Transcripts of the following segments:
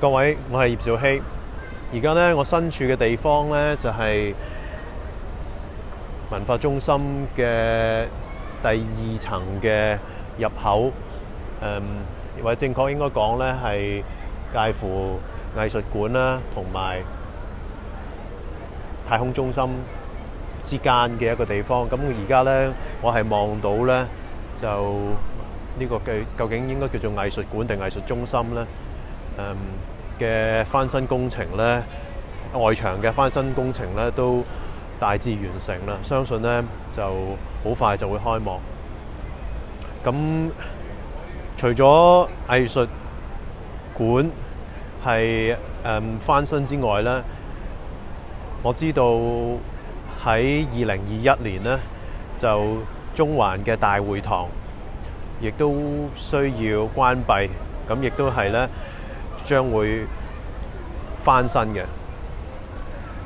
各位，我係葉兆熙，而家咧我身處嘅地方咧就係文化中心嘅第二層嘅入口，嗯，或者正確應該講咧係介乎藝術館啦同埋太空中心之間嘅一個地方。咁而家咧我係望到咧就呢個嘅究竟應該叫做藝術館定藝術中心咧？嘅、嗯、翻新工程呢，外牆嘅翻新工程呢都大致完成啦。相信呢就好快就會開幕。咁除咗藝術館係誒、嗯、翻新之外呢，我知道喺二零二一年呢，就中環嘅大會堂亦都需要關閉，咁亦都係呢。將會翻新嘅，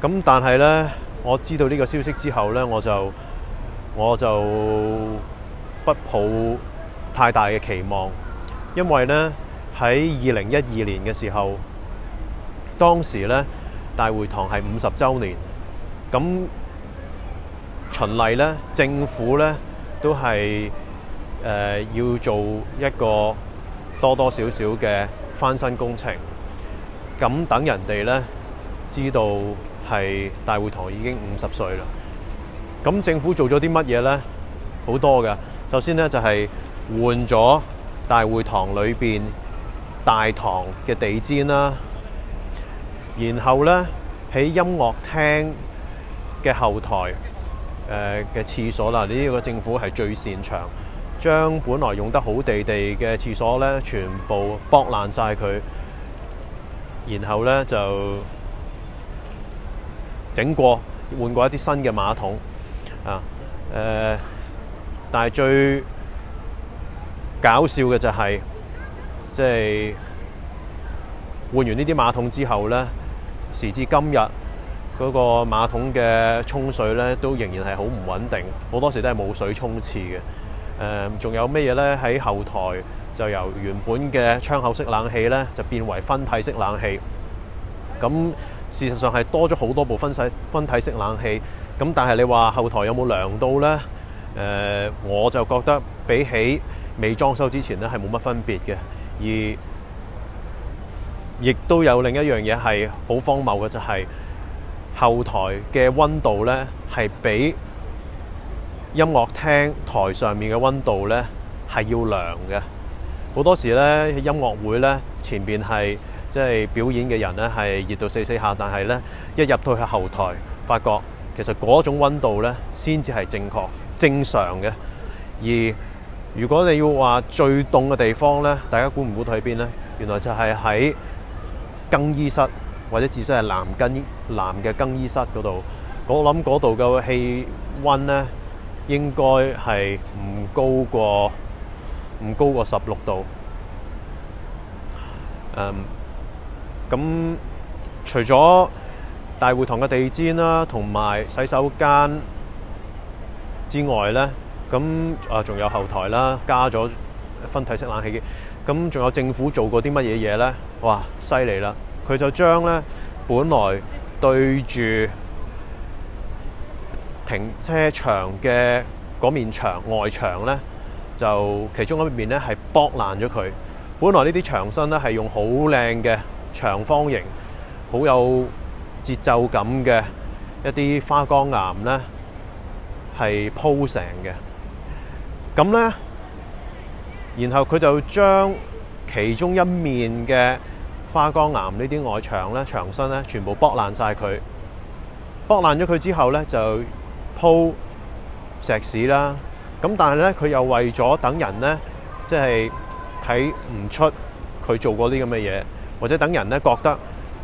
咁但係呢，我知道呢個消息之後呢，我就我就不抱太大嘅期望，因為呢，喺二零一二年嘅時候，當時呢，大會堂係五十週年，咁循例呢，政府呢都係、呃、要做一個多多少少嘅。翻新工程，咁等人哋呢知道係大會堂已經五十歲啦。咁政府做咗啲乜嘢呢？好多嘅，首先呢，就係換咗大會堂裏邊大堂嘅地氈啦，然後呢，喺音樂廳嘅後台誒嘅廁所啦，呢個政府係最擅長。將本來用得好地地嘅廁所咧，全部剝爛晒佢，然後咧就整過，換過一啲新嘅馬桶啊。誒、呃，但係最搞笑嘅就係，即係換完呢啲馬桶之後咧，時至今日嗰個馬桶嘅沖水咧，都仍然係好唔穩定，好多時都係冇水沖廁嘅。呃，仲有咩嘢呢？喺後台就由原本嘅窗口式冷氣呢，就變為分體式冷氣。咁事實上係多咗好多部分體分體式冷氣。咁但係你話後台有冇涼到呢？呃，我就覺得比起未裝修之前呢，係冇乜分別嘅。而亦都有另一樣嘢係好荒謬嘅，就係、是、後台嘅温度呢，係比。音樂廳台上面嘅温度呢，係要涼嘅，好多時呢，音樂會呢前邊係即係表演嘅人呢係熱到四四下，但係呢一入到去後台，發覺其實嗰種温度呢先至係正確正常嘅。而如果你要話最凍嘅地方呢，大家估唔估到喺邊呢？原來就係喺更衣室或者至少係男更衣男嘅更衣室嗰度。我諗嗰度嘅氣温呢。應該係唔高過唔高過十六度。咁、um, 除咗大會堂嘅地氈啦，啊，同埋洗手間之外呢，咁啊仲有後台啦，加咗分體式冷氣機。咁仲有政府做過啲乜嘢嘢呢？哇，犀利啦！佢就將呢，本來對住停車場嘅嗰面牆外牆呢，就其中一面呢係剝爛咗佢。本來呢啲牆身呢係用好靚嘅長方形、好有節奏感嘅一啲花崗岩呢係鋪成嘅。咁呢，然後佢就將其中一面嘅花崗岩呢啲外牆呢，牆身呢全部剝爛晒佢。剝爛咗佢之後呢就鋪石屎啦，咁但係呢，佢又為咗等人呢，即係睇唔出佢做過啲咁嘅嘢，或者等人呢覺得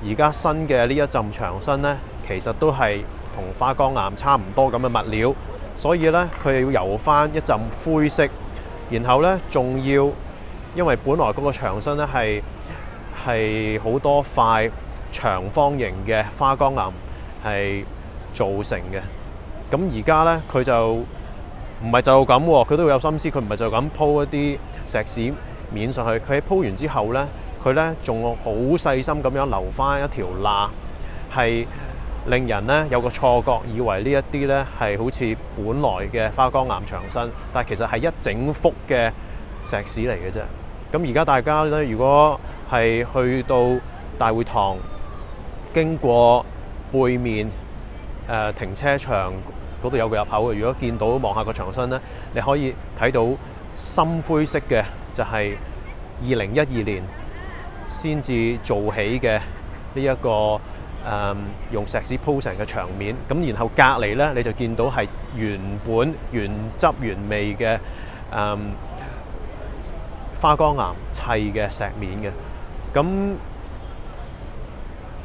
而家新嘅呢一浸牆身呢，其實都係同花崗岩差唔多咁嘅物料，所以呢，佢要油返一浸灰色，然後呢，仲要因為本來嗰個牆身呢係係好多塊長方形嘅花崗岩係造成嘅。咁而家咧，佢就唔係就咁，佢都有心思。佢唔係就咁鋪一啲石屎面上去。佢喺鋪完之後咧，佢咧仲好細心咁樣留翻一條罅，係令人咧有個錯覺，以為呢一啲咧係好似本來嘅花崗岩牆身，但係其實係一整幅嘅石屎嚟嘅啫。咁而家大家咧，如果係去到大會堂，經過背面誒、呃、停車場。嗰度有個入口嘅，如果見到望下個牆身咧，你可以睇到深灰色嘅，就係二零一二年先至做起嘅呢一個誒用石屎鋪成嘅牆面。咁然後隔籬咧，你就見到係原本原汁原味嘅誒花崗岩砌嘅石面嘅。咁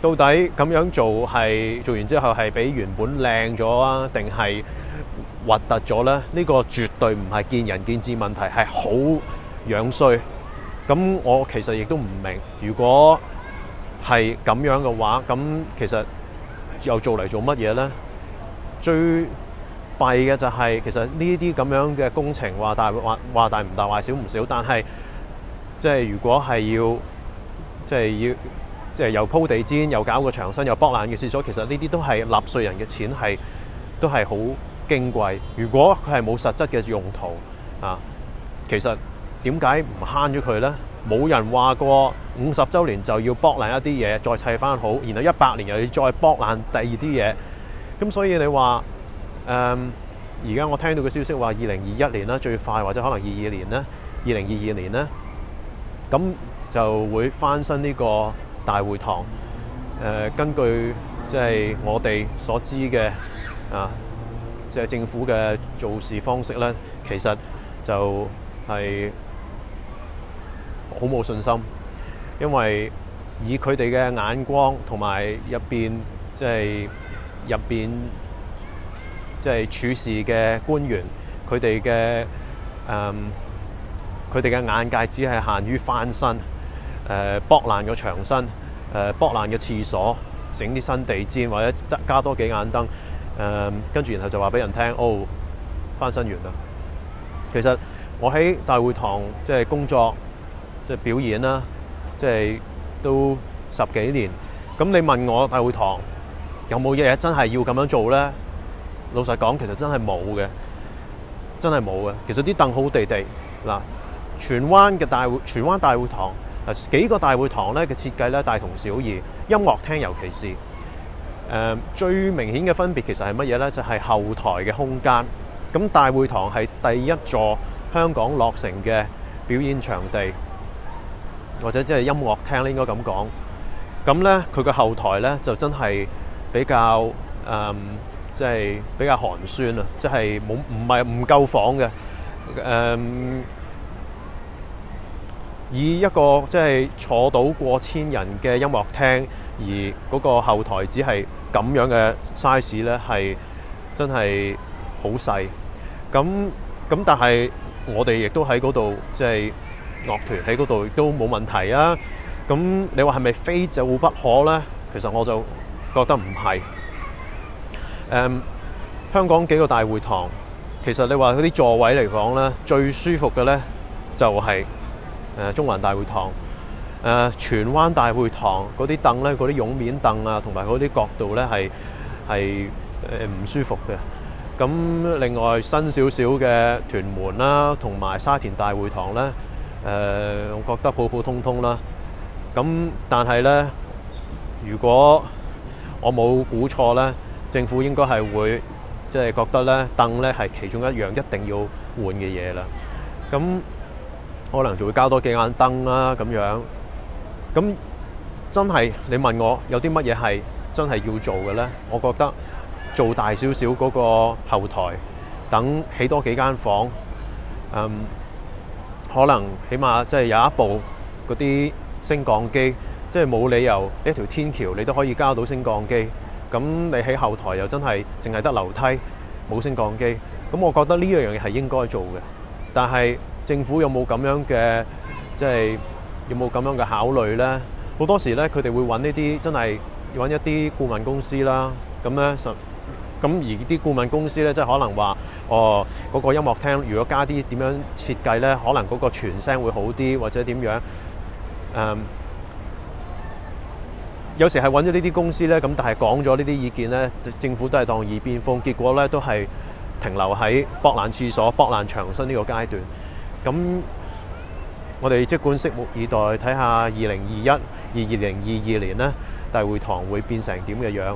到底咁樣做係做完之後係比原本靚咗啊，定係核突咗咧？呢個絕對唔係見仁見智問題，係好樣衰。咁我其實亦都唔明，如果係咁樣嘅話，咁其實又做嚟做乜嘢咧？最弊嘅就係其實呢啲咁樣嘅工程話大話話大唔大話少唔少，但係即係如果係要即係要。即係要即係又鋪地氈，又搞個牆身，又剝爛嘅廁所。其實呢啲都係納稅人嘅錢，係都係好矜貴。如果佢係冇實質嘅用途啊，其實點解唔慳咗佢呢？冇人話過五十週年就要剝爛一啲嘢，再砌翻好，然後一百年又要再剝爛第二啲嘢。咁所以你話誒，而家我聽到嘅消息話，二零二一年咧最快，或者可能二二年呢，二零二二年呢，咁就會翻新呢個。大會堂，誒、呃，根據即係我哋所知嘅啊，即係政府嘅做事方式咧，其實就係好冇信心，因為以佢哋嘅眼光同埋入邊，即係入邊即係處事嘅官員，佢哋嘅誒，佢哋嘅眼界只係限於翻新。誒剝爛個牆身，誒剝爛嘅廁所，整啲新地氈，或者加多幾眼燈，誒、呃、跟住然後就話俾人聽，哦，翻新完啦。其實我喺大會堂即係工作、即係表演啦，即係都十幾年。咁你問我大會堂有冇嘢真係要咁樣做咧？老實講，其實真係冇嘅，真係冇嘅。其實啲凳好地地，嗱，荃灣嘅大會，荃灣大會堂。嗱，幾個大會堂咧嘅設計咧，大同小異，音樂廳尤其是、嗯、最明顯嘅分別其實係乜嘢呢？就係、是、後台嘅空間。咁大會堂係第一座香港落成嘅表演場地，或者即係音樂廳應該咁講。咁呢，佢嘅後台呢就真係比較誒，即、嗯、係、就是、比較寒酸啊！即係冇唔係唔夠房嘅誒。嗯以一個即係、就是、坐到過千人嘅音樂廳，而嗰個後台只係咁樣嘅 size 呢，係真係好細。咁咁，但係我哋亦都喺嗰度，即係樂團喺嗰度都冇問題啊。咁你話係咪非就不可呢？其實我就覺得唔係。誒、嗯，香港幾個大會堂，其實你話嗰啲座位嚟講呢，最舒服嘅呢就係、是。誒中環大會堂、誒、呃、荃灣大會堂嗰啲凳咧，嗰啲絨面凳啊，同埋嗰啲角度咧，係係誒唔舒服嘅。咁另外新少少嘅屯門啦、啊，同埋沙田大會堂咧，誒、呃、我覺得普普通通啦。咁但係咧，如果我冇估錯咧，政府應該係會即係、就是、覺得咧，凳咧係其中一樣一定要換嘅嘢啦。咁可能就會加多幾眼燈啦、啊，咁樣咁真係你問我有啲乜嘢係真係要做嘅呢？我覺得做大少少嗰個後台，等起多幾間房，嗯，可能起碼即係有一部嗰啲升降機，即係冇理由一條天橋你都可以加到升降機，咁你喺後台又真係淨係得樓梯冇升降機，咁我覺得呢樣嘢係應該做嘅，但係。政府有冇咁樣嘅，即係有冇咁樣嘅考慮呢？好多時呢，佢哋會揾呢啲真係揾一啲顧問公司啦。咁咧，咁而啲顧問公司呢，即係可能話哦，嗰個音樂廳如果加啲點樣設計呢，可能嗰個傳聲會好啲，或者點樣？嗯，有時係揾咗呢啲公司呢，咁但係講咗呢啲意見呢，政府都係當耳邊風，結果呢都係停留喺博蘭廁所、博蘭牆身呢個階段。咁，我哋即管拭目以待，睇下二零二一、二二零二二年咧，大會堂會變成點嘅樣。